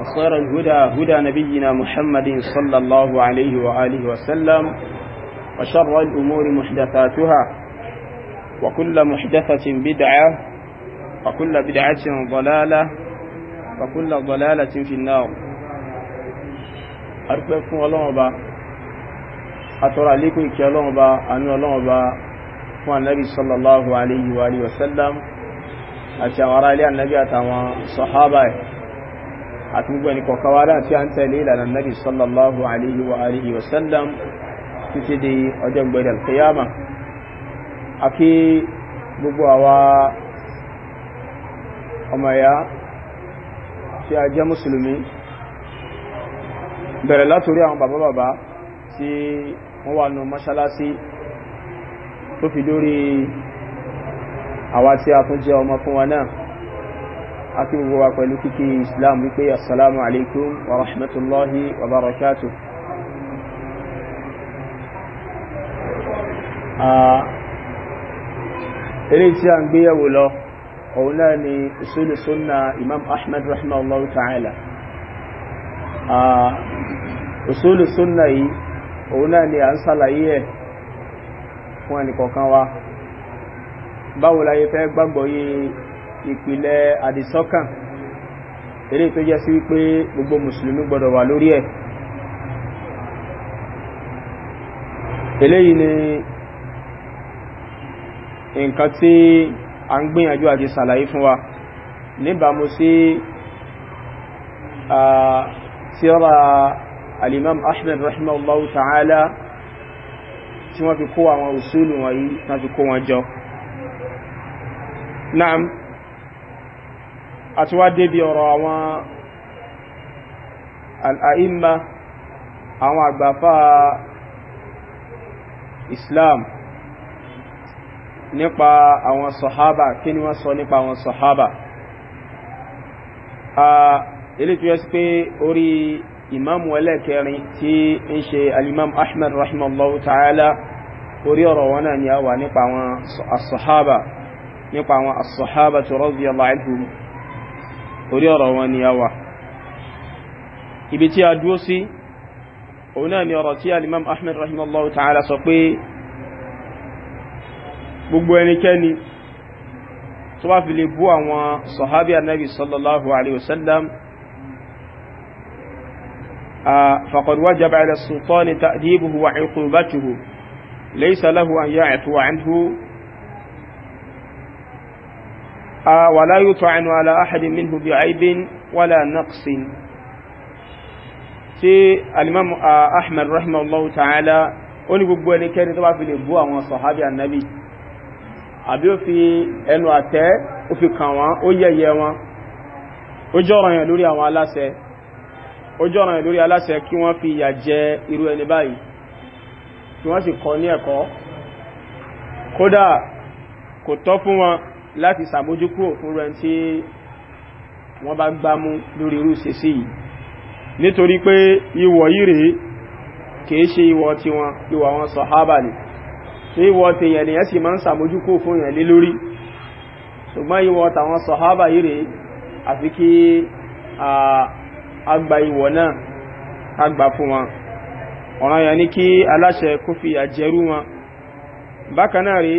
وخير الهدى هدى نبينا محمد صلى الله عليه وآله وسلم وشر الأمور محدثاتها وكل محدثة بدعة وكل بدعة ضلالة وكل ضلالة في النار أرفقكم الله أبا أترى لكم إكي الله أبا أنو الله هو النبي صلى الله عليه وآله وسلم أتعرى لي النبي أتعوى صحابه àti gbogbo ẹni kọ̀ọ̀kan wa náà tí a ń tẹ̀lé ìlànà nabi sallallahu alaihi wa alihi wa sallam títí di ọjọ́ gbẹ̀dẹ̀ alkiyama àti gbogbo àwa ọmọ ya tí a jẹ́ mùsùlùmí bẹ̀rẹ̀ látorí àwọn bàbá bàbá tí wọ́n wà nù mọ́ṣálásí tó fi lórí àwa tí a tún jẹ́ ọmọ fún wa náà àti gbogbo wa pẹ̀lú kíkí islam wípé assalamu alaikum wa rahmatullahi wa barakatuh ilé tí a ń gbéyàwó lọ òun náà ni usulu sunna imam ahmad rahimahullahu ta'ala usulu sunna yìí òun náà ni a ń sàlàyé ẹ̀ fún ẹnìkọ̀ọ̀kan wa báwo la fẹ́ gbàgbọ́ yìí ìpìlẹ̀ àdìsọ́kàn eré tó jẹ́ sí wípé gbogbo mùsùlùmí gbọdọ̀ wà lórí ẹ̀ eléyìí ni nǹkan tí a ń gbìyànjú àti sàlàyé fún wa níbàmú sí tírà al-imam rahimahullahu ta'ala tí wọ́n fi kó àwọn usulu wọ̀nyí tán fi kó wọn jọ na'am àti wá débi ọ̀rọ̀ àwọn al'aimma àwọn àgbàfà islam nípa àwọn sọ̀hábà kí ni wọ́n sọ nípa àwọn sọ̀hábà ilé tó yẹ sí pé orí imamu ẹlẹ́kẹrin tí ń ṣe alimam ahmed rahimallahu ta'ala orí ọ̀rọ̀ wọn náà ni a wà nípa àwọn as nípa àwọn as tó radiyallahu orí ọ̀rọ̀ wọn ni a wà ibi tí a dúó sí òun náà ni ọ̀rọ̀ tí alimam ahmed rahimallahu ta'ala sọ pé gbogbo ẹnikẹ́ni tó bá fi lè bú àwọn sọ̀hábí annabi sallallahu alaihi wasallam فقد وجب على السلطان تأديبه وعقوبته ليس له أن يعفو عنه ولا يطعن على أحد منه بعيب ولا نقص tí alimam ahmed rahimahullahu ta'ala ó ní gbogbo ẹnikẹ́ni tó bá fi lè bú àwọn sọ̀hábí annabi àbí ó fi ẹnu àtẹ́ ó fi kàn wọ́n ó yẹ̀yẹ́ wọn ó jọ́rọ̀ yẹn lórí àwọn aláṣẹ ó jọ́rọ̀ yẹn lórí aláṣẹ kí wọ́n fi ìyà jẹ irú ẹni báyìí kí wọ́n sì kọ́ ní ẹ̀kọ́ kódà kò tọ́ fún wọn láti sàmójúkúrò fún rẹ̀ tí wọ́n bá gbámú lórí irú ṣeṣe yìí nítorí pé ìwọ̀ yìí rèé kìí ṣe ìwọ̀ tí wọn ìwọ̀ wọn sàhábà ni ní ìwọ̀ tí yẹn nìyẹn sì máa ń sàmójúkúrò fún yẹn lé lórí ṣùgbọ́n ìwọ̀ tàwọn sàhábà yìí rèé kí àgbà ìwọ̀ náà àgbà fún wọn ọ̀ràn yẹn ni kí aláṣẹ kó àjẹrú wọn bákan náà rèé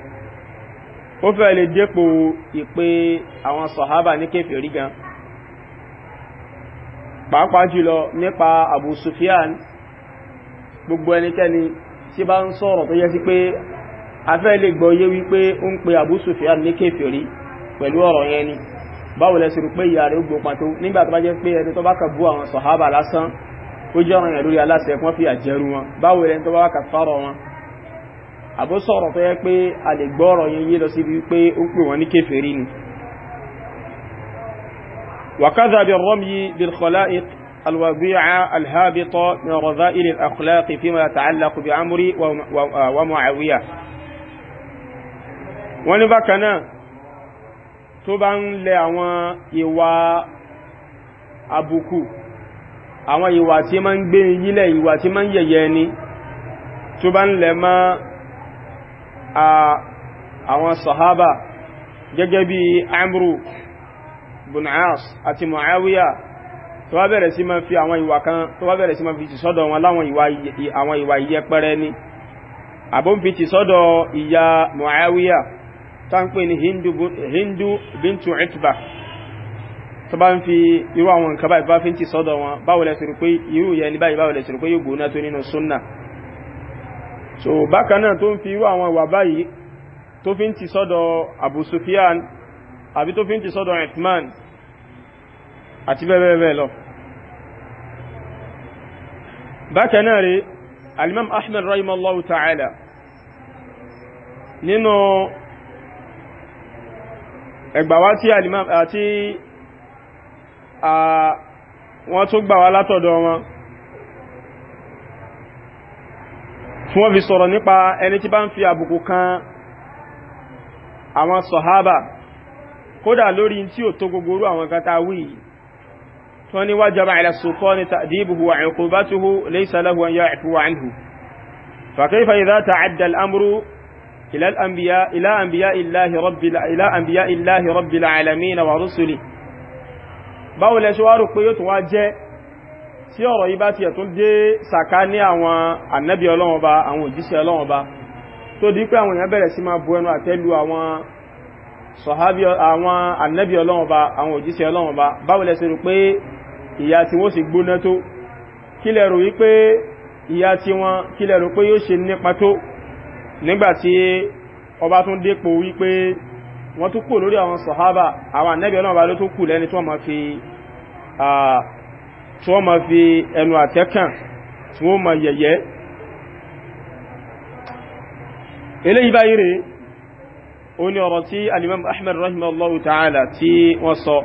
ó fẹ́ lè dépò ìpè àwọn sọ̀hábà ní kèfèrí gan pàápàá jùlọ nípa Abu Sufyan gbogbo ẹnikẹ́ni tí bá ń sọ̀rọ̀ tó yẹ sí pé a fẹ́ lè gbọ́ yé wípé ó ń pe Abu Sufyan ní kèfèrí pẹ̀lú ọ̀rọ̀ yẹn ni báwo lẹ ṣe rò pé ìyá rẹ̀ ó gbópa tó nígbà tó bá jẹ́ pé ẹni tó bá kà bú àwọn sọ̀hábà lásán ó jẹ́ ọ̀rọ̀ yẹn lórí aláṣẹ kí wọ́n fi àjẹrú wọn báwo lẹni tó bá wákà fárọ̀ wọn àbó sọ̀rọ̀ tó yẹ pé a lè gbọ́ ọ̀rọ̀ yẹn yé lọ síbi pé ó ń pè wọ́n ní kèfèrí ni wàkádà bí rọ́mí bilkọlá الوضيعة الهابطة من رذائل الأخلاق فيما يتعلق بعمري ومعاوية wọ́n bá kan náà tó bá ń lẹ àwọn ìwà àbùkù àwọn ìwà tí ma ń gbé yílẹ̀ ìwà tí ma ń yẹ̀yẹ́ ni tó bá ń lẹ máa àwọn sahaba gẹ́gẹ́ bí amru bin as àti muawiya tó wá bẹ̀rẹ̀ sí ma fi àwọn ìwà kan tó wá bẹ̀rẹ̀ sí ma fi ti sọ́dọ̀ wọn láwọn ìwà ìyẹpẹrẹ ni àbọ́n fi ti sọ́dọ̀ ìyá muawiya tó ń pè ní hindu bintu itba tó bá ń fi irú àwọn nǹkan báyìí bá fi ti sọ́dọ̀ wọn báwo lẹ ti pé irú yẹn ní báyìí báwo lẹ ti pé yóò gbóná tó nínú sunna so bákan náà tó ń fi irú àwọn ìwà báyìí tó fi ń ti sọ́dọ̀ Abu Sufyan àbí tó fi ń ti sọ́dọ̀ Uthman àti bẹ́ẹ̀bẹ́ẹ̀ lọ bákan náà rí alimam Ahmad rahimallahu ta'ala nínú ẹgbàwá tí alimam àti wọ́n tó gbàwá látọ̀dọ̀ wọn tí wọ́n fi sọ̀rọ̀ nípa ẹni tí bá ń fi àbùkù kan àwọn sọ̀hábà kódà lórí tí ò tó gbogbooru àwọn kan tá a wí yìí tí wọ́n ní wajaba wa 'uqubatuhu laysa lahu an إلى الأنبياء إلى أنبياء الله رب إلى أنبياء الله رب العالمين ورسله báwo lẹ tí ọ̀rọ̀ yìí bá ti ẹ̀tún dé sàká ní àwọn ànábì ọlọ́run ọba àwọn òjíṣẹ́ ọlọ́run ọba tó di pé àwọn èèyàn bẹ̀rẹ̀ sí máa bu ẹnu àtẹ́lu àwọn sọ̀hábí àwọn ànábì ọlọ́run ọba àwọn òjíṣẹ́ ọlọ́run ọba báwo lẹ ṣe rò pé ìyà tí wọ́n sì gbóná tó kí lẹ rò wípé tí wọ́n ma fi ẹnu àtẹ́kàn tí wọ́n ma yẹ̀yẹ́ eléyìí báyìí rèé ó ní ọ̀rọ̀ tí alimam ahmed rahimahullahu ta'ala tí wọ́n sọ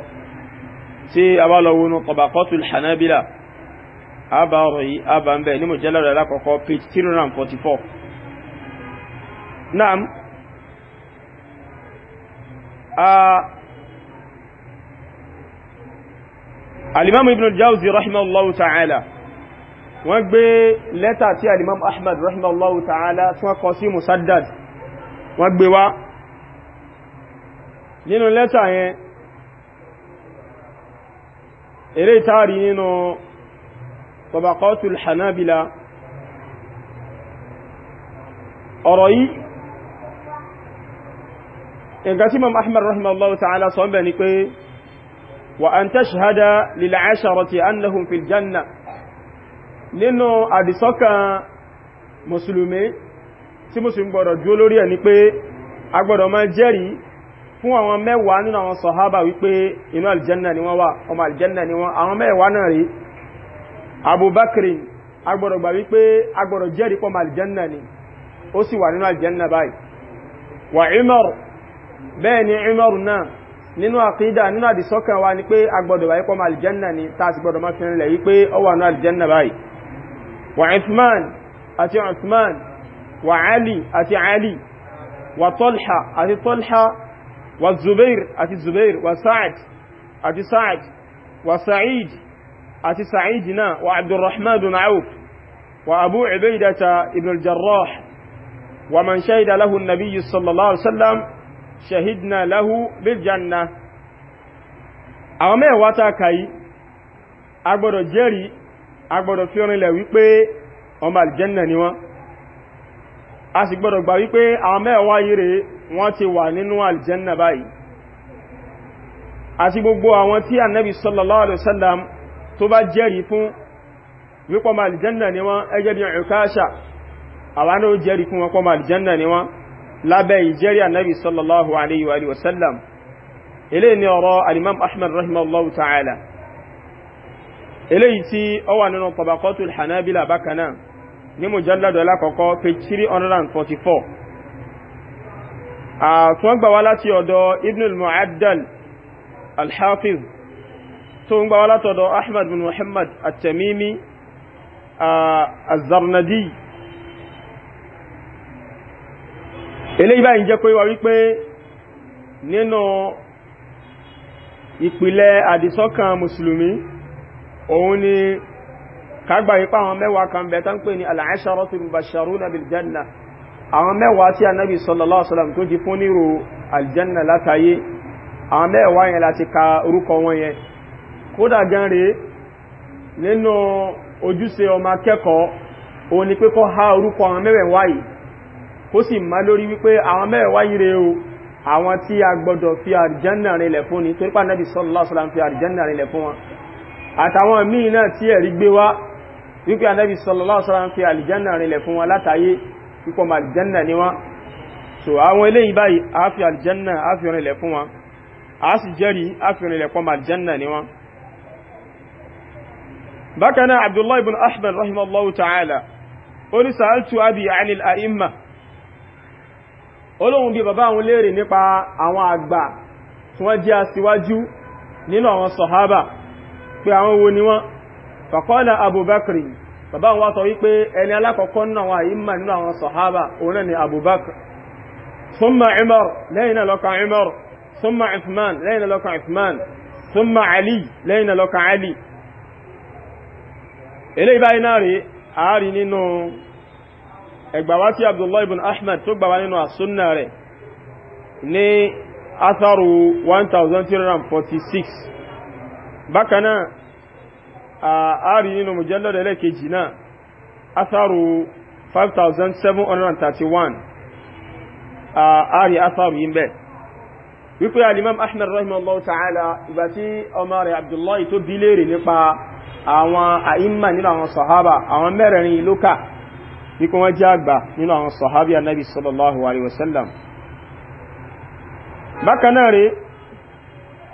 tí a bá lọ wọnú Tabaqatul Hanabila a bá ọ̀rọ̀ yìí a bá ń bẹ̀ ní mujallad alákọ̀ọ́kọ́ page 344 alimamu ibn al-jawzi rahimahullahu ta'ala wọ́n gbé lẹ́tà tí alimamu ahmad rahimahullahu ta'ala tí wọ́n kọ sí musaddad wọ́n gbé wá nínú lẹ́tà yẹn eré ìtaari nínú tabaqatul hanabila ọ̀rọ̀ yìí ẹ̀gá tí imam ahmad rahimahullahu ta'ala sọ ń bẹ̀ ni pé وأن تشهد للعشرة أنهم في الجنة nínú àdìsọ́kàn mùsùlùmí tí mùsùlùmí gbọ́dọ̀ dúró lórí ẹ̀ ni pé a gbọ́dọ̀ máa jẹ́rìí fún àwọn mẹ́wàá nínú àwọn sọ̀hábà wípé inú aljanna ni wọ́n wà ọmọ aljanna ni wọ́n àwọn mẹ́wàá náà rí abubakiri a gbọ́dọ̀ gbà wípé a gbọ́dọ̀ jẹ́rìí pọ̀ aljanna ni ó sì wà nínú aljanna báyìí wà Umar bẹ́ẹ̀ ni Umar nínú àkídà nínú àdìsọ́kàn wa ni pé agbọ́dọ̀ wáyé pọ́mọ alìjẹ́nà ni tá a sì gbọ́dọ̀ máa fi rinlẹ̀ yí pé ó wà ní alìjẹ́nà báyìí wà Uthman àti Uthman wà Ali àti Ali wà Talha àti Talha wà Zubair àti Zubair wà Sa'ad àti Sa'ad wà Sa'id àti Sa'id náà wà shahidna lahu bil janna àwọn mẹ́wàá ta kàí agbọ́dọ̀ jẹ́rìí agbọ́dọ̀ fi orinlẹ̀ wípé ọmọ aljanna ni wọ́n a sì gbọ́dọ̀ gbà wípé àwọn mẹ́wàá yìí rẹ̀ wọ́n ti wà nínú aljanna báyìí àti gbogbo àwọn tí annabi sallallahu alaihi wasallam tó bá jẹ́rìí fún wípé lábẹ́ ìjẹ́rí ànábì sallallahu alayhi wa sallam ilé ni ọ̀rọ̀ alimam ahmed rahimallahu ta'ala ilé yìí tí ó wà nínú tabaqatul hanabila bákaná ní mujalladu alákọ̀ọ́kọ́ 144. 344 àtún gbà wá láti ọ̀dọ̀ ibn al-mu'addal al-hafiz tó ń gbà wá látọ̀dọ̀ ahmed bin muhammad at-tamimi az-zarnadi eléyìí báyìí jẹ́ pé wà wípé nínú ìpìlẹ̀ àdìsọ́kàn mùsùlùmí òun ni kágbà ipá àwọn mẹ́wàá kan bẹ̀ tán pè ní al-asharatu mubashsharuna bil janna àwọn mẹ́wàá tí anábì sallallahu alaihi wasallam tó jí fún nírò aljanna látàyé àwọn mẹ́wàá yẹn láti ka orúkọ wọn yẹn kódà gan ọmọ akẹ́kọ̀ọ́ òun pé kó há orúkọ àwọn mẹ́wàá yìí kó sì má lórí wípé àwọn mẹ́wàá ire o àwọn tí a gbọdọ̀ fi àrìjánà rinlẹ̀ fún ni torípa nẹ́bí sọ́lọ́sọ́lá fi àrìjánà rinlẹ̀ fún wọn àtàwọn míì náà tí ẹ̀rí gbé wá wípé anẹ́bí sọ́lọ́sọ́lá fi àrìjánà rinlẹ̀ fún wọn látàyé pípọ̀ àrìjánà ni wọ́n so àwọn eléyìí báyìí a fi àrìjánà a fi rinlẹ̀ fún wọn a sì jẹ́rìí a olóhun bí bàbá àwọn léèrè nípa àwọn àgbà tí wọ́n jẹ́ aṣíwájú nínú àwọn sọ̀hábà pé àwọn wo ni wọ́n fàkọ́lá abubakar bàbá wọn wá sọ wípé ẹni alákọ̀ọ́kọ́ nínú àwọn àyíma nínú àwọn sọ̀hábà òun ni abubakar súnmà imar lẹ́yìn lọ́kàn imar súnmà ifman lẹ́yìn lọ́kàn ifman súnmà ali lẹ́yìn ẹgbàwá tí abdullahi ibn ahmed tó gbàwá nínú àsúnnà rẹ̀ ní atharu 1346 bákanáà a rí nínú mujallad ẹlẹ́kejì náà atharu 5731 a rí atharu yí bẹ́ wípé alimam ahmed rahimahullahu ta'ala ìgbà tí ọmọ rẹ̀ abdullahi tó bí léèrè nípa àwọn àìmà nínú àwọn sahaba àwọn mẹ́rẹ̀rin lókà bí kó wọ́n jẹ́ àgbà nínú àwọn sọ̀hábí anábi sallallahu alaihi wasallam bákanáà rẹ̀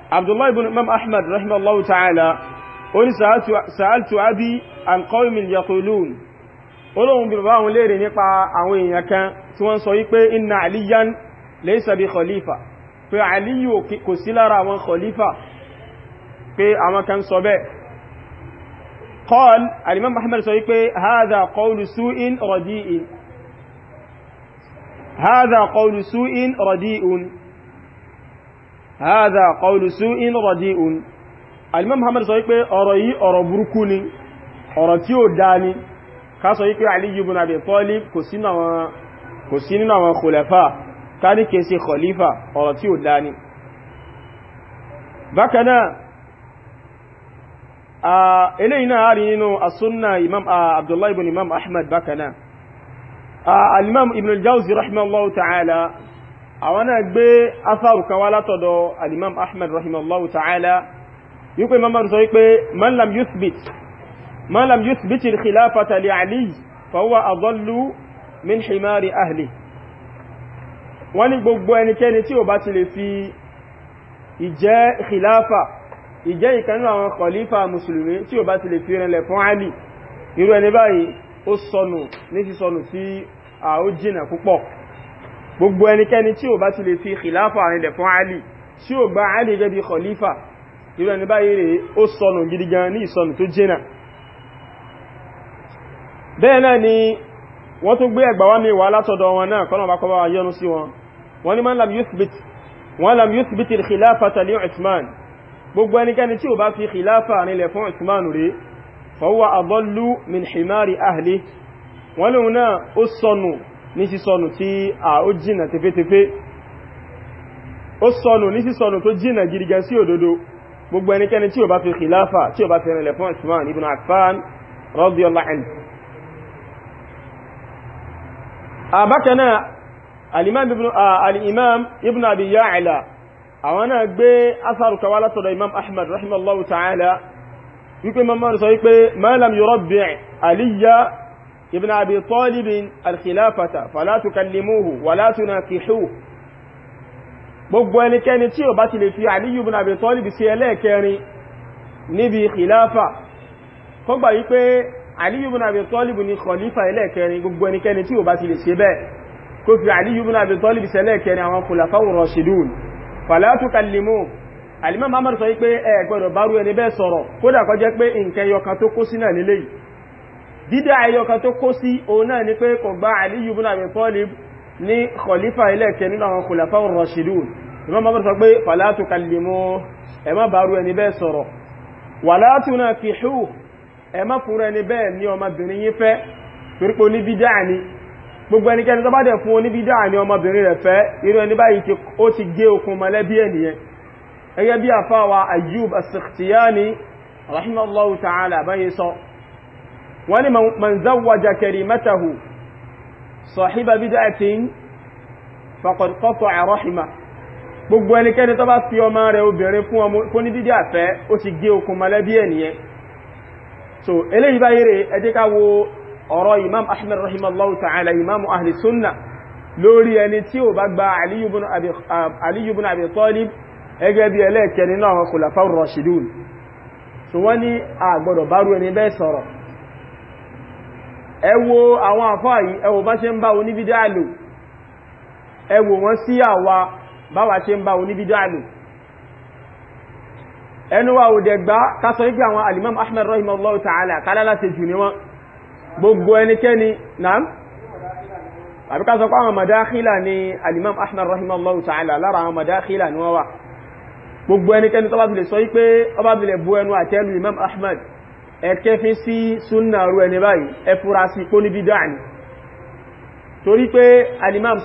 abdullahi ibn imam ahmad rahimallahu ta'ala ó ní sa'altu abi an qawmin yaqulun olóhun bí bá wọn léèrè nípa àwọn èèyàn kan tí wọ́n sọ wípé inna aliyan laysa bi khalifa pé aliyu kò sí lára àwọn khalifa pé àwọn kan sọ bẹ́ẹ̀ قال الإمام أحمد سويقي هذا قول سوء رديء هذا قول سوء رديء هذا قول سوء رديء الإمام محمد سويقي أرأي أرى بركوني أرى تيو داني ká sọ wípé Aliyu bin Abi Talib kò sí nínú àwọn khulafa ká ní kèsí khalifa Ah, eléyìí náà rí nínú asúnà imam ah, abdullahi ibn imam ahmad bákanáà ah, alimam ibn al-jawzi rahimallahu ta'ala àwọn náà gbé asáàrù kan wá látọ̀dọ̀ alimam ahmad rahimallahu ta'ala yípe mamar sọ wípé man lam yuthbit man lam yuthbit al-khilafata li ali fa huwa adallu min himari ahli wọ́n gbogbo ẹnikẹ́ni tí ó bá ti lè fi ìjẹ́ khilafa ìjẹ́ ìkanú àwọn kọ̀lífà mùsùlùmí tí ò bá ti lè fi rẹ̀lẹ̀ fún Àlì irú ẹni báyìí ó sọnù ní sísọnù tí a ó jìnà púpọ̀ gbogbo ẹnikẹ́ni tí ò bá ti lè fi kìláfà rẹ̀lẹ̀ fún Àlì tí ò gba Àlì gẹ́gẹ́ bí kọ̀lífà irú ẹni báyìí ó sọnù gidigan ní ìsọnù gbogbo ẹnikẹ́ni tí ó bá fi khilafa nílẹ̀ fún Usman rí fọwọ́ adallu min himari ahli wọ́n lóun náà ó sọnù ní sísọnù tí a ó jìnà tefetefe ó sọnù ní sísọnù tó jìnà gírígẹ sí òdodo gbogbo ẹnikẹ́ni tí ó bá fi khilafa àwọn náà gbé asaru kawa látọ̀dọ̀ imam ahmad rahimallahu ta'ala wípé mamman sọ wípé malam yorùbá aliyya ibn abi talibin alkhilafata falatu kallimuhu walatu na kihu gbogbo ẹnikẹni tí ó bá ti lè fi aliyu ibn abi talib sí ẹlẹ́ẹ̀kẹrin níbi khilafa kó gbà wípé aliyu ibn abi talib ni khalifa ẹlẹ́ẹ̀kẹrin gbogbo ẹnikẹni tí ó bá ti lè ṣe bẹ́ẹ̀ kó fi aliyu ibn abi talib sí ẹlẹ́ẹ̀kẹrin àwọn khulafa rashidun fàlátù kàlìmù alìmọ́ mamar sọ wípé ẹ gbọ́dọ̀ bárú ẹni bẹ́ẹ̀ sọ̀rọ̀ kódà kó jẹ́ pé nǹkan yọkan tó kó sí náà nílé yìí dídá ẹyọkan tó kó sí òun náà ni pé kò gba Aliyu ibn Abi Talib ní khalifa ilẹ̀kẹ́ nínú àwọn khulafa ar-rashidun ìmọ́ mamar sọ gbogbo ẹnikẹ́ni tó bá dẹ̀ fún oníbídà ní ọmọbìnrin rẹ̀ fẹ́ irú ẹni báyìí ó ti gé okùn mọ̀lẹ́bí ènìyàn ẹgẹ́ bí àfáwà Ayyub as-Sakhtiyani rahimallahu ta'ala báyìí sọ wọ́n ni man zawwaja karimatahu sahiba bid'atin faqad qata'a rahima gbogbo ẹnikẹ́ni tó bá fi ọmọ ti gé so eléyìí báyìí rẹ̀ ẹ ọ̀rọ̀ imam ahmed rahimallahu ta'ala imam ahli sunna lórí ẹni tí ó bá gba aliyubun abi talib ẹgẹ́ bí ẹlẹ́ẹ̀kẹ́ nínú àwọn khulafa'ur rashidun so wọ́n ní àgbọ̀dọ̀ bá rú ẹni bẹ́ẹ̀ sọ̀rọ̀ ẹ wo àwọn àfáà yìí ẹ bá ṣe ń bá oníbídá lò ẹ sí àwa báwa ṣe ń bá oníbídá lò ẹnu wa ò àwọn alimam ahmed rahimallahu ta'ala kálálá ṣe jù ní wọn gbogbo ẹnikẹ́ni náà àbí ká sọ pé àwọn madáhílà ni alimam ahmad rahimallahu ta'ala lára àwọn madáhílà ni wọ́n wà gbogbo ẹnikẹ́ni tó bá bilẹ̀ sọ wípé ọba bilẹ̀ bú ẹnu àtẹ́lu imam ahmad ẹ̀kẹ́fín sí súnnà rú ẹni báyìí ẹfura sí kó ní torí pé alimam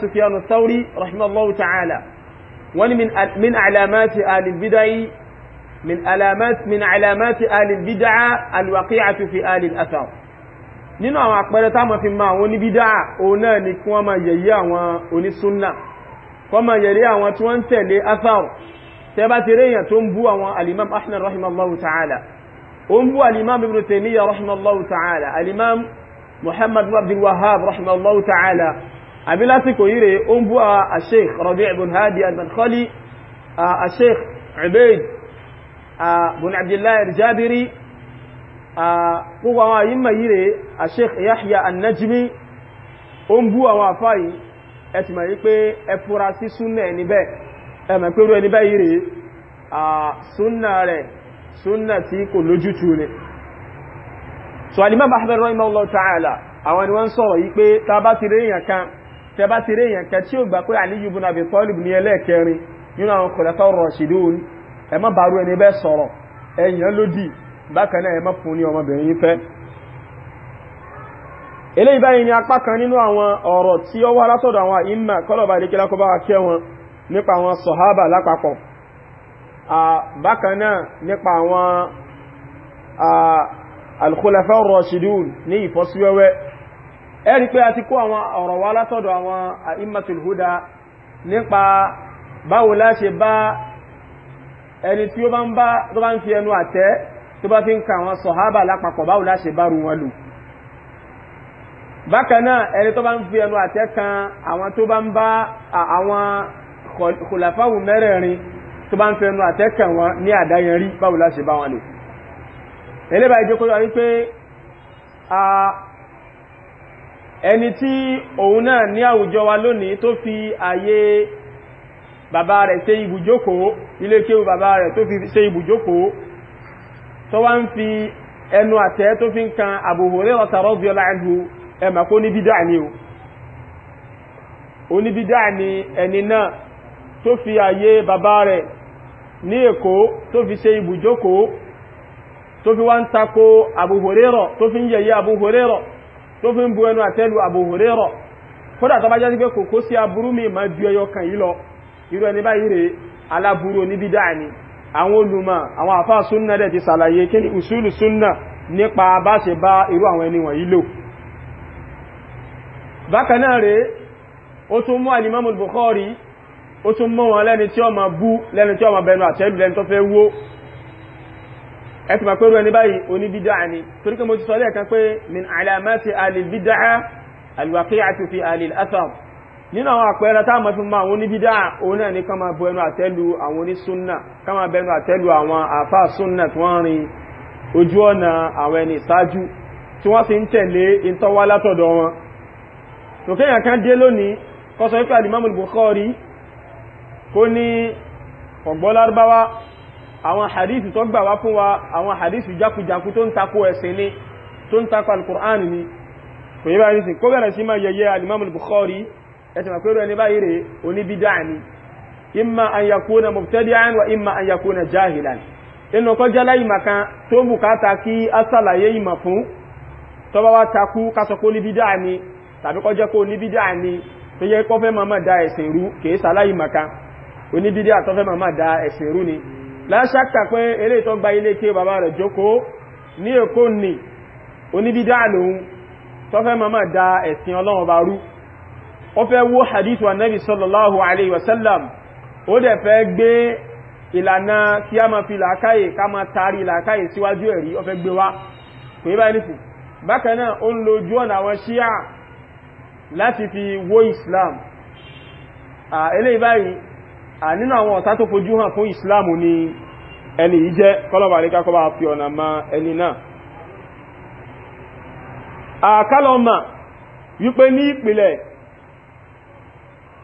nínú àwọn àpẹẹrẹ táwọn fi ma àwọn oníbídá òun náà ni kí wọ́n máa yẹ̀yẹ́ àwọn onísúnnà kọ́ máa yẹ̀yẹ́ àwọn tí wọ́n ń tẹ̀lé athar tẹ́ bá ti réyàn tó ń bú àwọn alimam ahmed rahimallahu ta'ala ó ń bú alimam ibn taymiyyah rahimallahu ta'ala alimam muhammad abdul wahab rahimallahu ta'ala àbí lásìkò yìí abdullahi jabiri gbogbo àwọn àyíma yìí rẹ̀ a sheikh yahya annajmi o ń bú àwọn àfá yìí ẹ ti mọ̀ yí pé ẹ fura sí súnà ẹni bẹ́ẹ̀ ẹ mọ̀ pé rú ẹni bẹ́ẹ̀ yìí rẹ̀ a súnà rẹ̀ súnà tí kò lójútu ni so alimam ahmed rahimahullah ta'ala àwọn ni wọ́n sọ̀rọ̀ yí pé ta bá ti rí èèyàn kan tẹ bá ti rí ní ẹlẹ́ẹ̀kẹrin nínú bá ẹ̀yàn lódì bákan náà ẹ má fún ní ọmọbìnrin yín fẹ́ eléyìí báyìí ni apá kan nínú àwọn ọ̀rọ̀ tí ó wá látọ̀dọ̀ àwọn ìmà kọ́lọ̀bà ìlékílá kó bá wa kẹ́ wọn nípa àwọn sọ̀hábà lápapọ̀ bákan náà nípa àwọn alkhulafa rashidun ní ìfọ́síwẹ́wẹ́ ẹ̀rí pé a ti ọ̀rọ̀ wá látọ̀dọ̀ àwọn tó bá fi ń ka àwọn sọ̀hábà lápapọ̀ báwo la ṣe bá rú wọn lò bákan náà ẹni tó bá ń fi ẹnu àtẹ́ kan àwọn tó bá ń bá àwọn kòlàfáwù mẹ́rẹ̀ẹ̀rin tó bá ń fi ẹnu àtẹ́ kan wọn ní àdáyẹnrí báwo la bá wọn lò eléba ìjẹ́ kó yọrí ẹni tí òun náà ní àwùjọ wa lónìí tó fi àyè bàbá rẹ̀ ṣe ibùjókòó ilé kéwù bàbá rẹ̀ tó fi ṣe ibùjókòó tó wá ń fi ẹnu àtẹ́ tó fi ń kan Abu Hurairah radiyallahu anhu ẹ̀mà kó ní bídá ni o oníbídá ni ẹni náà tó fi àyè bàbá rẹ̀ ní Èkó tó fi ṣe ibùjókòó tó fi wá ń takò Abu Hurairah tó fi ń yẹ̀yẹ́ Abu Hurairah tó fi ń bu ẹnu àtẹ́lu Abu Hurairah kódà tó bá jẹ́ pé kò kó sí aburú mi máa ju ẹyọ kan yìí lọ irú ẹni báyìí rèé aláburú oníbídá ni àwọn olùmọ̀ àwọn àfáà súnnà dẹ̀ ti sàlàyé kí ni usulu súnnà nípa bá ṣe bá irú àwọn ẹni wọ̀nyí lò bákanáà rẹ̀ ó tún mú alimamul Bukhari ó tún mọ́ wọn lẹ́ni tí ó ma bú lẹ́ni tí ó ma bẹnu àtẹ́lù lẹ́ni tó fẹ́ wó ẹ̀tì ma nínú àwọn àpẹẹrẹ tá a máa fi mọ àwọn oníbídà òun náà ní ká máa bu ẹnu àtẹ́lu àwọn onísúnnà ká máa bẹnu àtẹ́lu àwọn àfáà súnnà tí wọ́n rin ojú ọ̀nà àwọn ẹni ìsáájú tí wọ́n fi ń tẹ̀lé ìtọ́wá látọ̀dọ̀ wọn tòkèyàn kan dé lónìí kọ́ sọ wípé alimami Bukhari kó ní ọ̀gbọ́n lárúbáwá àwọn hadisi tó gbà wá fún wa àwọn hadisi jákujàku tó ń takò ẹ̀sìn ni tó ń takò alukur'an ni kò yẹ báyìí kó bẹ̀rẹ̀ sí máa yẹyẹ alimami Bukhari ẹ̀sìn mọ̀ pẹ̀lú ẹni báyìí rẹ̀ oníbídá ni imma an yakuna mubtadi'an wa imma an yakuna jahilan inú kọ́ jẹ́ láì màkan tó bùkátà kí a sàlàyé ìmọ̀ fún tó bá wá takú kásọpọ̀ oníbídá ni tàbí kọ́ jẹ́ kó oníbídá ni tó yẹ kó fẹ́ máa da ẹ̀sìn rú kìí sàlàyé màkan oníbídá tó fẹ́ máa da ẹ̀sìn rú ni láṣàkà pé eré tó gba ilé kí bàbá rẹ̀ jókòó ní èkó ni oníbídá lòun tó fẹ́ máa da ẹ̀sìn ọlọ́run bá rú ó fẹ́ wó hadith wa nabi sallallahu alaihi wasallam ó dẹ̀ fẹ́ gbé ìlànà kí a ma fi làákàyè ká ma taari làákàyè síwájú ẹ̀rí ó fẹ́ gbé wá kò yíba nífù bákan náà ó ń lo ojú ọ̀nà àwọn ṣíà láti fi wó islam wípé ní ìpìlẹ̀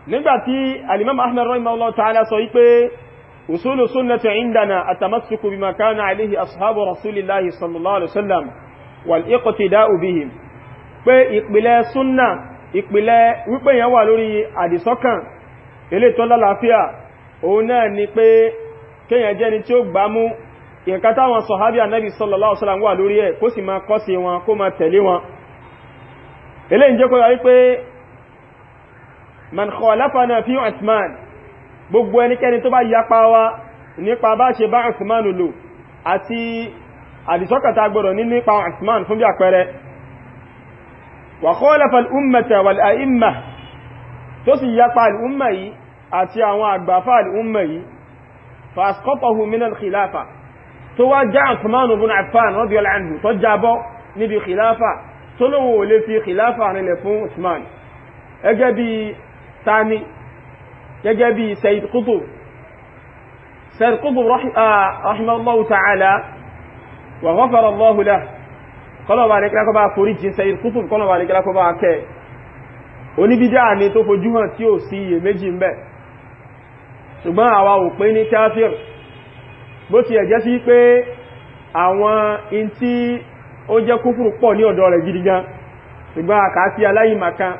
nígbàtí alimam ahmed rahimahullah ta'ala sọ wípé usulu sunnati indana atamassuku bima kana alayhi ashabu rasulillahi sallallahu alaihi wasallam wal iqtida'u bihim pé ìpìlẹ̀ sunna ìpìlẹ̀ wípé yẹn wà lórí àdìsọ́kàn ilé tó lálàáfíà òun náà ni pé kéèyàn jẹ́ ni tí ó gbá mú ìyẹ̀ká táwọn sọ̀hábí ànábì sallallahu alaihi wasallam wà lórí ẹ̀ kó sì máa kọ́ sí wọn kó máa tẹ̀lé wọn eléyìí jẹ́ yà wípé man khalafana fi Uthman gbogbo ẹnikẹ́ni tó bá yapa wa nípa bá ṣe bá Uthman lò àti àdìsọ́kàtà gbọ́dọ̀ ní nípa Uthman fún bí àpẹẹrẹ wa khalafa al-ummata wal a'imma tó sì yapa al-umma yìí àti àwọn àgbàfà al yìí fa asqatahu khilafa tó wá já Uthman ibn Affan radiyallahu anhu tó jábọ́ níbi khilafa tó lóhun lè fi khilafa rìnlẹ̀ fún Uthman ẹgẹ́ bí tani gẹ́gẹ́ bí Sayyid Qutb Sayyid Qutb rahimahullahu ta'ala wa ghafara Allahu lahu kọlọ̀bà ní kílákọ́ bá foríjì Sayyid Qutb kọlọ̀bà ní kílákọ́ bá kẹ́ oníbídá ni tó fojú hàn tí ó sí iye méjì ń bẹ ṣùgbọ́n àwa ò pé ní káfíìr bó ti ẹ̀jẹ́ sí pé àwọn in tí ó jẹ́ kúfùrù pọ̀ ní ọ̀dọ̀ rẹ̀ gidi gan ṣùgbọ́n àkásí aláìmàkan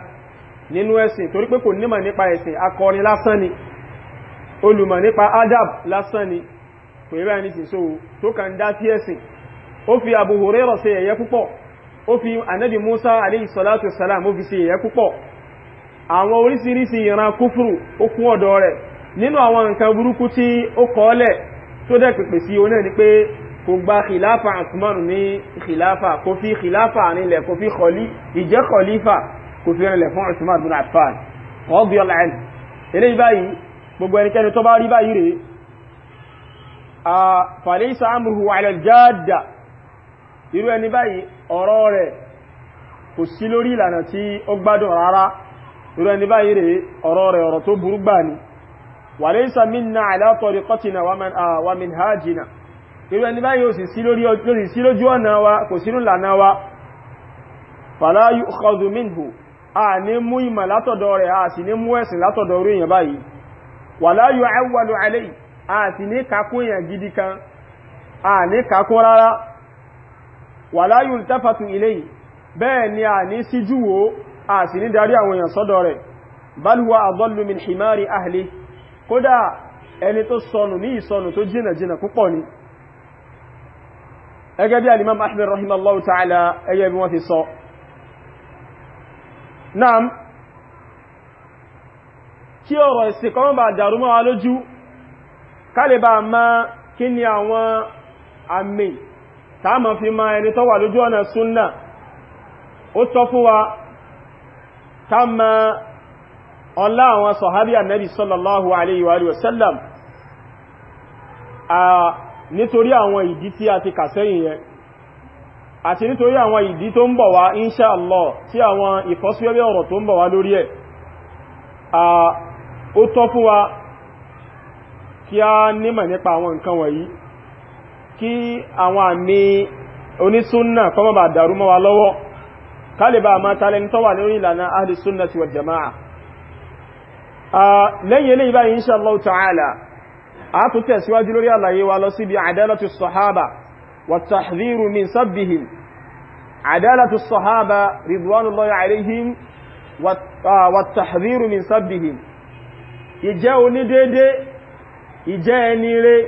nínú ẹ̀sìn torí pé kò nímọ̀ nípa ẹ̀sìn akọrin lásán ni olùmọ̀ nípa adab lásán ni kò yẹ báyìí nìsìn so tó kàn dá sí ẹ̀sìn ó fi Abu Hurairah ṣe ẹ̀yẹ púpọ̀ ó fi anabi Musa alayhi salatu salam ó fi ṣe ẹ̀yẹ púpọ̀ àwọn oríṣiríṣi ìran kúfùrù ó kún ọ̀dọ̀ rẹ̀ nínú àwọn nǹkan burúkú tí ó kọ́ọ́lẹ̀ tó dẹ̀ pèpè sí oní ẹni pé kò kò fi rẹlẹ̀ fún Usman bin Affan radiyallahu anhu eléyìí báyìí gbogbo ẹnikẹ́ni tó bá rí báyìí rèé falaysa amruhu ala al-jadda irú ẹni báyìí ọ̀rọ̀ rẹ̀ kò sí lórí ìlànà tí ó gbádùn rárá irú ẹni báyìí rèé ọ̀rọ̀ rẹ̀ ọ̀rọ̀ tó burú gbà ni walaysa minna ala tariqatina wa minhajina irú ẹni báyìí ó sì sí lójú ọ̀nà wa kò sínú ìlànà wa fala yu'khadhu minhu a ní mú ìmọ̀ látọ̀dọ̀ rẹ̀ a sì ní mú ẹ̀sìn látọ̀dọ̀ orí èèyàn báyìí wala yu'awwalu alayhi a sì ní kakó èèyàn gidi kan a ní kakó rárá wala yultafatu ilayhi bẹ́ẹ̀ ni a ní síjú wo ní darí àwọn èèyàn sọ́dọ̀ rẹ̀ náà kí ọ̀rọ̀ ìsìn kan bá dàrú mọ́ wa lójú kálẹ̀ bá ma kí ni àwọn àmì tààmà fi ma ẹni tó wà lójú ọ̀nà súnnà ó tọ́ fún wa ká ma ọlá àwọn sọ̀hábí ànẹ́bì sallallahu alayhi wa sallam nítorí àwọn ìdí tí a àti nítorí àwọn ìdí tó ń bọ̀ wá insha Allah tí àwọn ìfọ́síwẹ́wẹ́ ọ̀rọ̀ tó ń bọ̀ wá lórí ẹ̀ ó tọ́ fún wa kí a nímọ̀ nípa àwọn nǹkan wọ̀nyí kí àwọn àmì onísúnnà kọ́mọ̀ bá dàrú mọ́ wa lọ́wọ́ kálẹ̀bà máa tàlẹ́ni tọ́wà lórí ìlànà ahli sunnati wal jama'a والتحذير من سبهم عدالة الصحابة رضوان الله عليهم والتحذير من سبهم ìjẹ́ onídéédé ìjẹ́ ẹni rẹ̀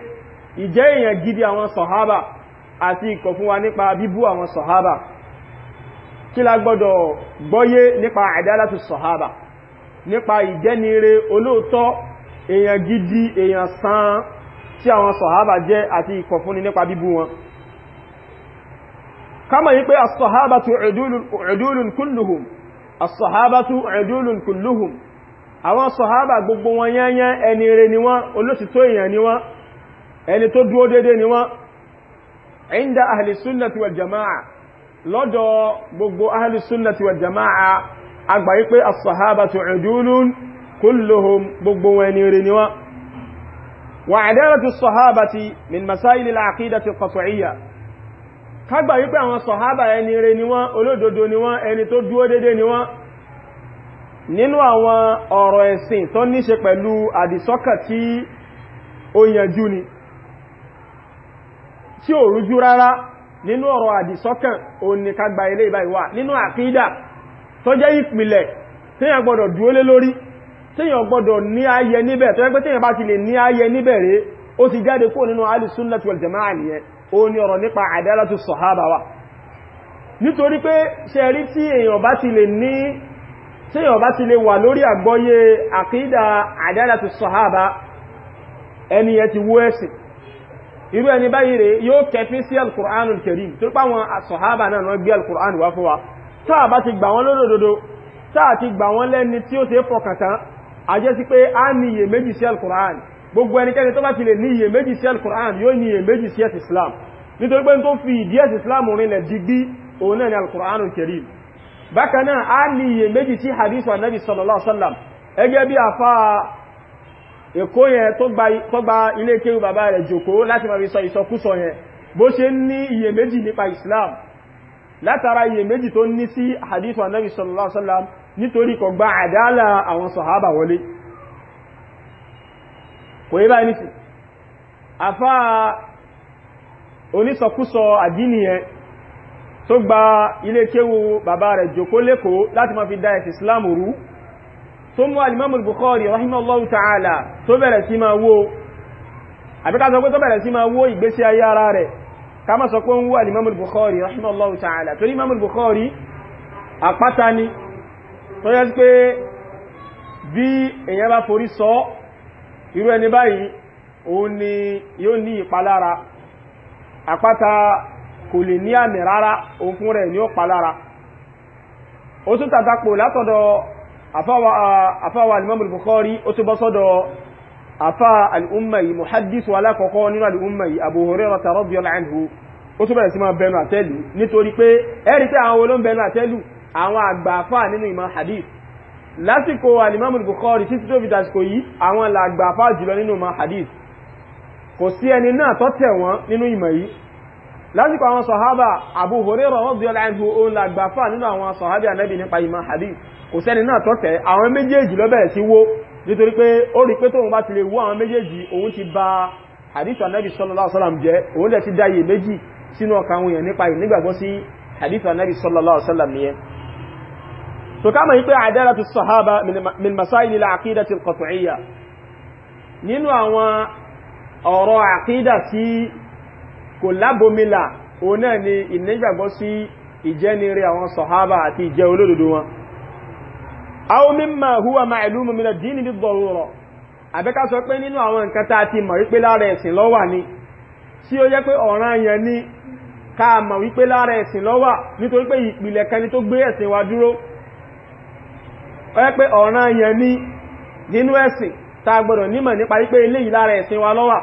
ìjẹ́ عن gidi àwọn sọ̀hábà àti ìkọ̀ fún wa nípa bíbú àwọn sọ̀hábà kí la gbọ́dọ̀ gbọ́yé nípa àdálátù sọ̀hábà nípa ìjẹ́ni rẹ̀ olóòtọ́ èèyàn gidi èèyàn sán tí àwọn sọ̀hábà jẹ́ àti ìkọ̀ fúnni nípa bíbú wọn kama yi pé as-sahabatu udulun kulluhum as-sahabatu udulun kulluhum àwọn sọ̀hábà gbogbo wọn yẹ́yẹ́ ẹni rẹ̀ ni wọ́n olóṣìtò èèyàn ni wọ́n ẹni tó dúó dédé ni wọ́n inda ahli sunnati wal jama'a lọ́dọ̀ gbogbo ahli sunnati kágbà wípé àwọn sọ̀hábà ẹni rẹ̀ ni wọ́n olódodo ni wọ́n ẹni tó dúó dédé ni wọ́n nínú àwọn ọ̀rọ̀ ẹ̀sìn tó níṣe pẹ̀lú àdìsọ́kà tí ó yanjú ni tí ò rújú rárá nínú ọ̀rọ̀ àdìsọ́kàn òní kagbà ilé ìbáyìí wà nínú àkídà tó jẹ́ ìpìlẹ̀ téèyàn gbọ́dọ̀ dúó gbọ́dọ̀ ó ní ọ̀rọ̀ nípa àdálátù sọ̀hábà wà nítorí pé ṣe rí tí èyàn bá ti lè ní tí èyàn bá ti lè wà lórí àgbọ́yé àkídà àdálátù sọ̀hábà ẹni yẹ ti wó ẹ̀sìn irú ẹni báyìí rẹ̀ yóò kẹfí sí alkùránù kẹrì tó páwọn sọ̀hábà náà wọ́n gbé alkùránù wá fún wa táà bá ti gbà wọ́n lódòdó gbogbo ẹnikẹ́ni tó bá ti lè ní iye méjì sí al-Qur'an yóò ní iye méjì sí ẹ̀sì Islam nítorí pé tó fi ìdí ẹ̀sì Islam rinlẹ̀ digbí òun náà ni al-Qur'anul Karim bákan náà a ní iye méjì sí hadith anabi sallallahu alaihi wasallam ẹgẹ́ bí afá èkó yẹn tó gba ilé kéwù bàbá rẹ̀ jòkó láti kò yí báyìí nìsí àfá onísọkúsọ àdínìyàn tó gba ilé kéwú bàbá rẹ̀ jòkó lẹ́kọ̀ọ́ láti ma fi dá ẹ̀sì islam rú tó mú alimamul bukhari rahimahullahu ta'ala tó bẹ̀rẹ̀ sí ma wó àbíká sọ pé tó bẹ̀rẹ̀ sí ma wó ìgbésí ayé ara rẹ̀ ká má sọ pé ń wó sọ irú ẹni báyìí òun ni yóò ní ìpalára àpáta kò lè ní àmì rárá òun fún rẹ̀ ní ó palára ó tún tàtàpò látọ̀dọ̀ àfáwà alimọ́bùl Bukhari ó tún bọ́ sọ́dọ̀ àfá al'umma yìí muhaddis wà lákọ̀ọ́kọ́ nínú al'umma yìí Abu Hurairah radiyallahu anhu ó tún bẹ̀rẹ̀ sí máa bẹnu àtẹ́lù nítorí pé ẹ̀rí pé àwọn olóńbẹnu àtẹ́lù hadith lásìkò alimami bukhari títí tó fi dàsìkò yìí àwọn làgbà fà jùlọ nínú ma hadith kò sí ẹni náà tó tẹ̀ wọ́n nínú ìmọ̀ yìí lásìkò àwọn sọ̀hábà abu hurairah radiyallahu anhu òun làgbà fà nínú àwọn sọ̀hábà anábì nípa ìmọ̀ hadith kò sẹ́ni náà tó tẹ̀ àwọn méjèèjì ló bẹ̀rẹ̀ sí wó nítorí pé ó rí pé tóun bá ti lè wó àwọn méjèèjì òun ti ba hadith anábì sallallahu alaihi wasallam jẹ́ òun lè ti dáyè méjì sínú ọkàn àwọn èèyàn nípa ìnígbàgbọ́ sí hadith anábì sallallahu alaihi wasallam so ká mọ̀ yí pé adalatu sahaba min masáìlì al-aqidati al-qat'iyya nínú àwọn ọ̀rọ̀ àkídà tí kò lábòmílà òun náà ni ìnígbàgbọ́ sí ìjẹ́nire àwọn sọ̀hábà àti ìjẹ́ olódodo wọn aw mimma huwa ma'lumun min ad-din bid-darura àbẹ́ká sọ pé nínú àwọn nǹkan tá a ti mọ̀ wípé lára ẹ̀sìn lọ́wà ni tí ó jẹ́ pé ọ̀ranyàn ni ká mọ̀ wípé lára ẹ̀sìn lọ́wà nítorí pé ìpìlẹ̀ kan ni tó gbé ẹ̀sìn wa dúró ọ̀yẹ́ pé ọ̀ràn yẹn ní nínú ẹ̀sìn tá a gbọ́dọ̀ nímọ̀ nípa wípé eléyìí lára ẹ̀sìn wa lọ́wà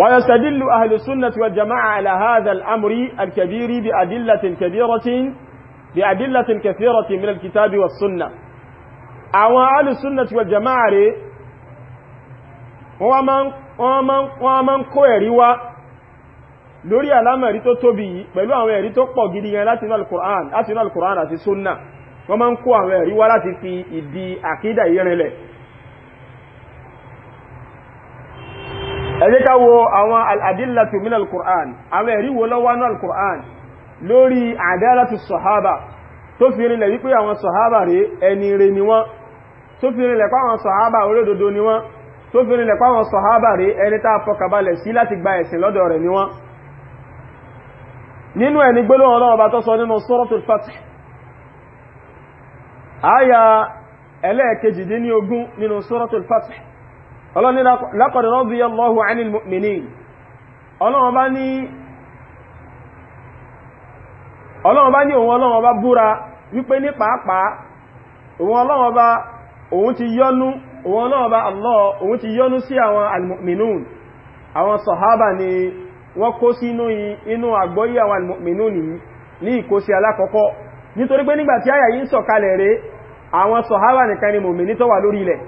ويستدل أهل السنة والجماعة على هذا الأمر الكبير بأدلة كبيرة بأدلة كثيرة من الكتاب والسنة أو أهل السنة والجماعة ومن, ومن, ومن كويروا lórí àlámẹ̀rí tó tóbi yìí pẹ̀lú àwọn ẹ̀rí tó pọ̀ gidi yẹn láti inú al-Qur'an àti sunna wọ́n máa ń kó àwọn ẹ̀rí wá láti fi ìdí àkídà yìí rinlẹ̀ ẹ jẹ́ ká wo àwọn al-adillatu min al-Qur'an àwọn ẹ̀rí wo ló wà nínú al-Qur'an lórí adalatu sahaba tó fi rinlẹ̀ wípé àwọn sahaba rẹ̀ ẹni rẹ̀ ni wọ́n tó fi rinlẹ̀ pé àwọn sahaba olódodo tó fi rinlẹ̀ pé àwọn sahaba rẹ̀ ẹni tá a fọkàbalẹ̀ sí láti gba ẹ̀sìn lọ́dọ̀ rẹ̀ ni wọ́n nínú ẹni gbólóhùn Ọlọ́run bá tó sọ nínú Suratul Fath àyà ẹlẹ́ẹ̀kejìdínlógún nínú Suratul Fath Ọlọ́run ní laqad radiyallahu 'anil mu'minin Ọlọ́run bá ní Ọlọ́run bá ní òun Ọlọ́run bá búra wípé ní pàápàá òun Ọlọ́run ti yọ́nú sí àwọn al-mu'minun àwọn sàhábà ni wọ́n kó sí inú àgbọ́yé àwọn alìmọ̀mìnú nìyí ní ìkósí alákọ̀ọ́kọ́ nítorí pé nígbàtí àyà yìí ń sọ̀kalẹ̀ rẹ̀ àwọn sọ̀hábà nìkan ni mùmìnì tó wà lórí ilẹ̀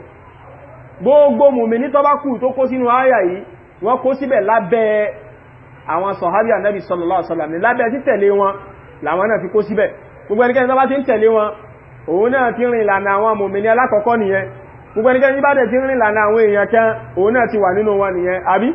gbogbo mùmìnì tó bá kù tó kó sínú àyà yìí wọ́n kó síbẹ̀ lábẹ́ àwọn sọ̀hábì ànábì sallallahu alaihi wasallam lábẹ́ títẹ̀lé wọn làwọn náà fi kó síbẹ̀ gbogbo ẹnikẹ́ni tó bá ti ń tẹ̀lé wọn òun náà ti rìn ìlànà àwọn mùmìnì alákọ̀ọ́kọ́ nìyẹn gbogbo ẹnikẹ́ni bá dẹ̀ ti rìn ìlànà àwọn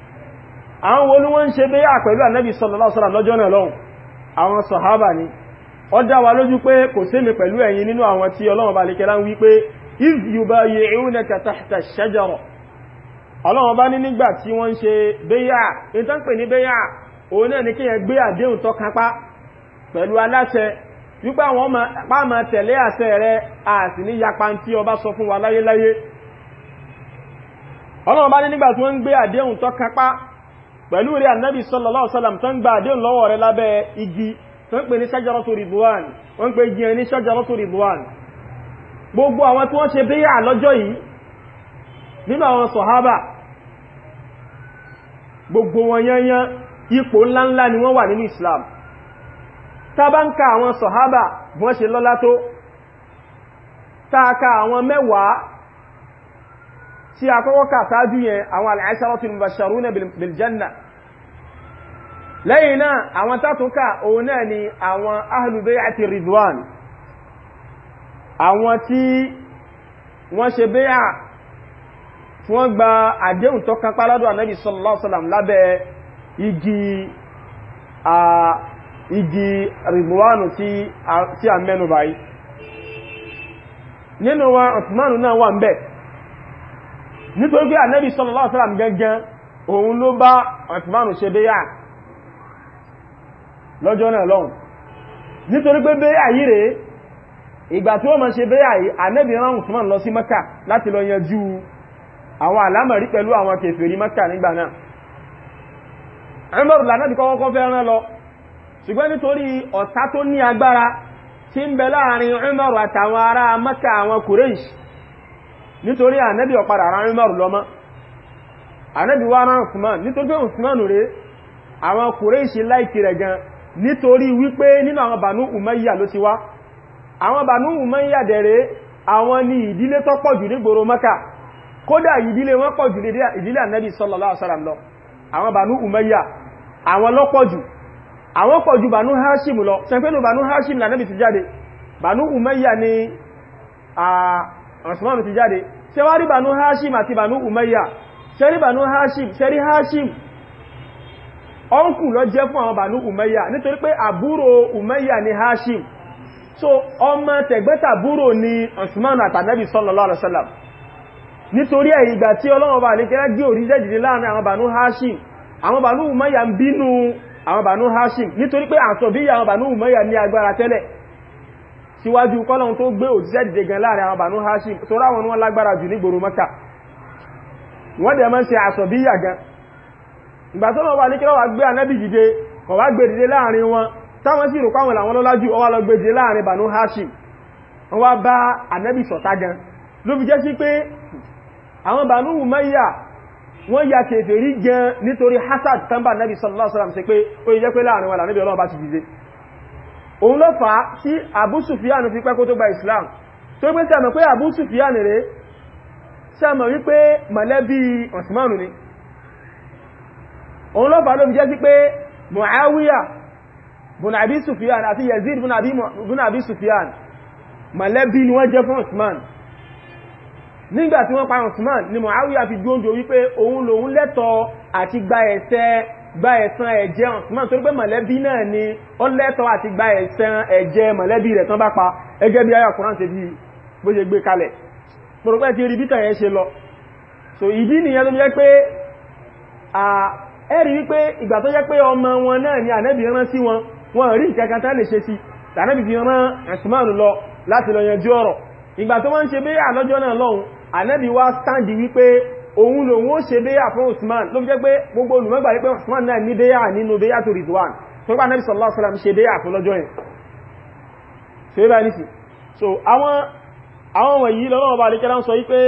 àwọn wo ni wọ́n ń ṣe bẹ́yà pẹ̀lú ànábì sallallahu alaihi wasallam lọ́jọ́ náà lọ́hùn àwọn sàhábà ni ó dá wa lójú pé kò sémi pẹ̀lú ẹ̀yin nínú àwọn tí ọlọ́run bá ní nígbà tí wọ́n ń ni kíyàn gbé àdéhùn tó kápá pẹ̀lú aláṣẹ wípé àwọn pa máa tẹ̀lé àṣẹ rẹ̀ àti ní yapa tí ọba sọ fún wa láyéláyé ọlọ́run pẹ̀lú rí annabi sallallahu alaihi wasallam tán gba àdéhùn lọ́wọ́ rẹ̀ lábẹ́ igi tó ń pè ní shajaratu ridwan wọ́n ń pè igi ẹni shajaratu ridwan gbogbo àwọn tí wọ́n ṣe bíyà lọ́jọ́ yìí nínú àwọn sọ̀hábà gbogbo wọn yányán ipò ńláńlá ni wọ́n wà nínú tábánká àwọn sọ̀hábà wọ́n ṣe lọ́lá tó táàkà àwọn mẹ́wàá tí a kọ́kọ́ kà sáájú yẹn àwọn al-asharatul mubashsharuna bil janna lẹ́yìn náà àwọn tátúnkà òun náà ni àwọn ahlu bay'ati ridwan àwọn tí wọ́n ṣe bay'a tí wọ́n gba àdéhùn tó kan páládọ́ ànábì sallallahu alaihi wasallam lábẹ́ igi a igi ridwanu tí a mẹ́nu báyìí nínú wa Uthmanu náà wà ń bẹ́ẹ̀ nítorí pé ànábì sallallahu alaihi wasallam gẹ́gẹ́ òun ló bá ọ̀tìmánù ṣe béyà lọ́jọ́ náà lọ́hùn nítorí pé béyà yìí rèé ìgbà tí ó máa ṣe béyà yìí ànábì rán Usman lọ sí Mẹ́kà láti lọ yanjú àwọn àlámọ̀rí pẹ̀lú àwọn kèfèrí Mẹ́kà nígbà náà Umar lànàbì kọ́kọ́ nítorí ànẹ́bí ọ̀padà ara rí márùn lọ́mọ́ ànẹ́bí wá rán Usman nítorí pé Usman rẹ̀ àwọn Kùrẹ́ṣì láìkì rẹ̀ gan nítorí wípé nínú àwọn Banu Umayya ló ti wá àwọn Banu Umayya dẹ̀rẹ̀ àwọn ni ìdílé tó pọ̀jù ní gbòrò Mẹ́kà kódà ìdílé wọn pọ̀jù ìdílé ànẹ́bí sallallahu alaihi wasallam lọ àwọn Banu Umayya àwọn ló pọ̀jù àwọn pọ̀jù Banu Hashim lọ a Usman ti jáde ṣe wá rí Banu Hashim àti Banu Umayya ṣe rí Banu Hashim ṣe rí Hashim ọ́nkù lọ jẹ́ fún àwọn Banu Umayya nítorí pé àbúrò Umayya ni Hashim so ọmọ tẹ̀gbẹ́tàbúrò ni Usman àtànẹ́bì sallallahu alaihi wasallam nítorí ẹ̀ ìgbà tí Ọlọ́run bá lè kẹ́rẹ́ gbé òrí jẹ́jìdí láàrin àwọn Banu Hashim àwọn Banu Umayya ń bínú àwọn Banu Hashim nítorí pé àtọ̀bíyà àwọn Banu Umayya ní agbára tẹ́lẹ̀ síwájú kọ́lọ̀n tó gbé òjíṣẹ́ dìde gan láàrin àwọn bànú hashim tó ráwọn wọn lágbára jù ní gbòrò mọ́ta wọ́n dẹ̀ mọ́ ṣe àsọ̀bíyà gan ìgbà tó lọ́wọ́ ní kílọ́wà gbé ànábì dìde kọ̀ wá gbé dìde láàrin wọn táwọn sì rò páwọn làwọn lọ́lájú ọwá lọ gbé dìde láàrin bànú hashim wọ́n wá bá ànábì ṣọ̀tá gan ló fi jẹ́ sí pé ya kèfèrí gan nítorí hasad tán bá sallallahu alaihi wasallam ṣe pé ó yẹ pé láàrin wọn làwọn ànábì òun ló fà á sí Abu Sufyan fi pẹ́ kó tó gba Islam tó pé sẹ́mọ̀ pé Abu Sufyan rẹ̀ sẹ́mọ̀ wípé mọ̀lẹ́bí Osmanu ni òun ló fà ló fi jẹ́ sí pé Muawiya bùn Abi Sufyan àti Yazid bùn ni wọ́n jẹ́ fún Osman nígbà tí ni Muawiya fi dúóndò wípé òun lòun lẹ́tọ̀ọ́ àti gba gba ẹ̀san ẹ̀jẹ̀ Usman torí pé mọ̀lẹ́bí náà ni ó lẹ́tọ̀ọ́ àti gba ẹ̀san ẹ̀jẹ̀ mọ̀lẹ́bí rẹ̀ tán bá pa ẹgẹ́ bí ayà Kùránì ṣe bí bó ṣe gbé kalẹ̀ pòròpẹ́ ti rí bítà yẹn ṣe lọ so ìdí nìyẹn tó jẹ́ pé ẹ̀rí wípé ìgbà tó jẹ́ pé ọmọ wọn náà ni ànẹ́bì rán sí wọn wọn rí ìkẹ́kẹ́ tán lè ṣe sí tànẹ́bì fi rán Usman lọ láti lọ yanjú ọ̀rọ̀ ìgbà tó wọ́n ń ṣe bí àlọ́jọ́ náà lọ́hùn ànẹ́bì wá stáǹdì wípé òun lòun ó ṣe béyà fún Usman ló fi jẹ́ pé gbogbo olùmọ́gbà pé Usman náà ní béyà nínú béyà tó Ridwan tó bá Nabi sallallahu alaihi ṣe béyà fún lọ́jọ́ yẹn ṣe bá ní so àwọn àwọn wọ̀nyí lọ́wọ́ bá lékẹ́lá ń sọ yí pé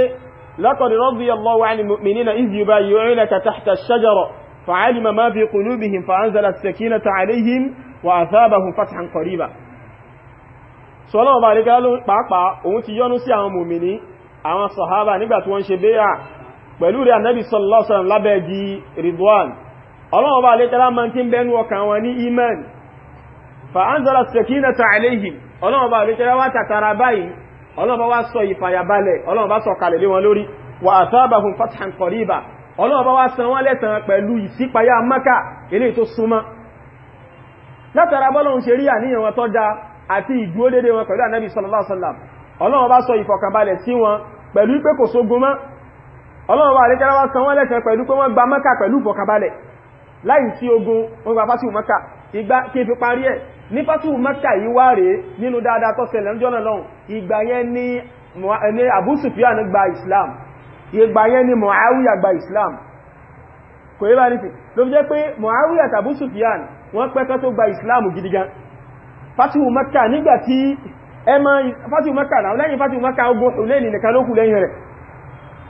laqad radiyallahu 'anil mu'minina idh yubayyi'unaka tahta ash-shajara fa'alima ma fi qulubihim fa'anzala as-sakinata 'alayhim wa athabahum fathan qariba so lọ́wọ́ bá lékẹ́lá pàápàá òun ti yọ́nú sí àwọn mùmìnì àwọn sàhábà nígbà tí wọ́n ṣe béyà pẹ̀lú rẹ̀ anábì sọlọ́sàn lábẹ́ di ridwan ọlọ́wọ́ bá lè tẹ́lá máa tí ń bẹnu ọkàn wọn ní iman fa'anzara sakinata alaihim ọlọ́wọ́ bá lè tẹ́lá wá tàtàrà báyìí ọlọ́wọ́ wá sọ ìfàyàbalẹ̀ ọlọ́wọ́ bá sọ kalẹ̀ lé wọn lórí wa asabahum fathan qariba ọlọ́wọ́ bá wá san wọ́n lẹ́san pẹ̀lú ìṣípayá maka ilé tó súnmọ́ látara bọ́lọ́hun ṣe rí àníyàn wọn tó dáa àti ìdúró ọlọ́wọ́ bá sọ pẹ̀lú pé kò sógun mọ́ ọlọ́run wà lẹ́kẹ́lá wá san wọ́n lẹ́sẹ̀ pẹ̀lú pé wọ́n gba mọ́kà pẹ̀lú ìfọ̀kàbalẹ̀ láì sí ogun wọ́n gba fásitì mọ́kà ìgbà kí n fi parí ẹ̀ ní fásitì mọ́kà yìí wá rèé nínú dáadáa tó ṣẹlẹ̀ ń jọ́nà lọ́hùn ìgbà yẹn ni Abu Sufyan gba Islam ìgbà yẹn ni Muawiya gba Islam kò yẹ bá nífi ló fi jẹ́ pé Muawiya tàbí Sufyan wọ́n pẹ́kẹ́ tó gba Islam gidi gan fásitì mọ́kà nígbà tí ẹmọ fásitì mọ́kà náà lẹ́yìn fásitì mọ́kà ogun òlẹ́ni nìkan ló kù lẹ́yìn rẹ̀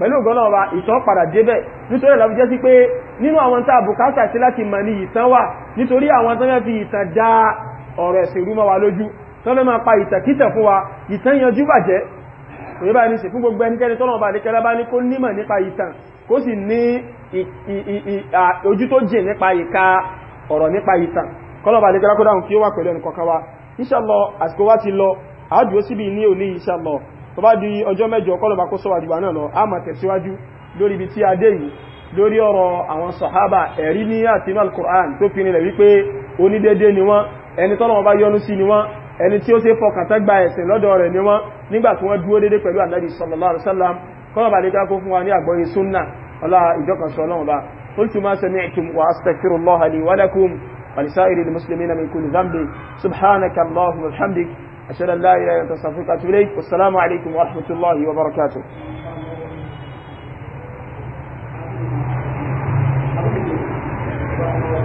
pẹ̀lú ògbọ́n ọba ìṣọ́ padà débẹ̀ nítorí ìlàbí jẹ́ sí pé nínú àwọn tá àbùkátà sí láti mọ̀ ní ìtàn wà nítorí àwọn tó mẹ́ fi ìtàn já ọ̀rọ̀ ẹ̀sìn rúmọ́ wa lójú tó mẹ́ máa pa ìtàkítẹ̀ fún wa ìtàn yanjú bàjẹ́ kò yíba ní sí fún gbogbo ẹnikẹ́ni tọ́nà ọba àdékẹ́lá bá ní kó nímọ̀ nípa ìtàn kó sì ní ojú tó jìn nípa ìka ọ̀rọ̀ nípa ìtàn kọ́nà ọba àdékẹ́lá kó dáhùn kí ó wà pẹ̀lú ẹnìkọ̀ọ̀kan wa inshallah àsìkò wa ti lọ àádùó síbi ní òní inshallah tó bá di ọjọ́ mẹ́jọ kọ́lọ̀bá kó sọ́wà dìgbà náà lọ a máa tẹ̀síwájú lórí ibi tí a dé yìí lórí ọ̀rọ̀ àwọn sàhábà ẹ̀rí ní àtinú al-Qur'an tó fi nílẹ̀ wípé onídédé ni wọ́n ẹni tọ́lọ́wọ́ bá yọ́nú sí ni wọ́n ẹni tí ó ṣe fọkàn tán gba ẹ̀sìn lọ́dọ̀ rẹ̀ ni wọ́n nígbà tí wọ́n dúró dédé pẹ̀lú Ànábì sallallahu ما سمعتم وأستغفر الله لي ولكم ولسائر المسلمين من كل ذنب سبحانك اللهم وبحمدك أشهد أن لا إله إلا أنت أستغفرك وأتوب إليك والسلام عليكم ورحمة الله وبركاته Thank you.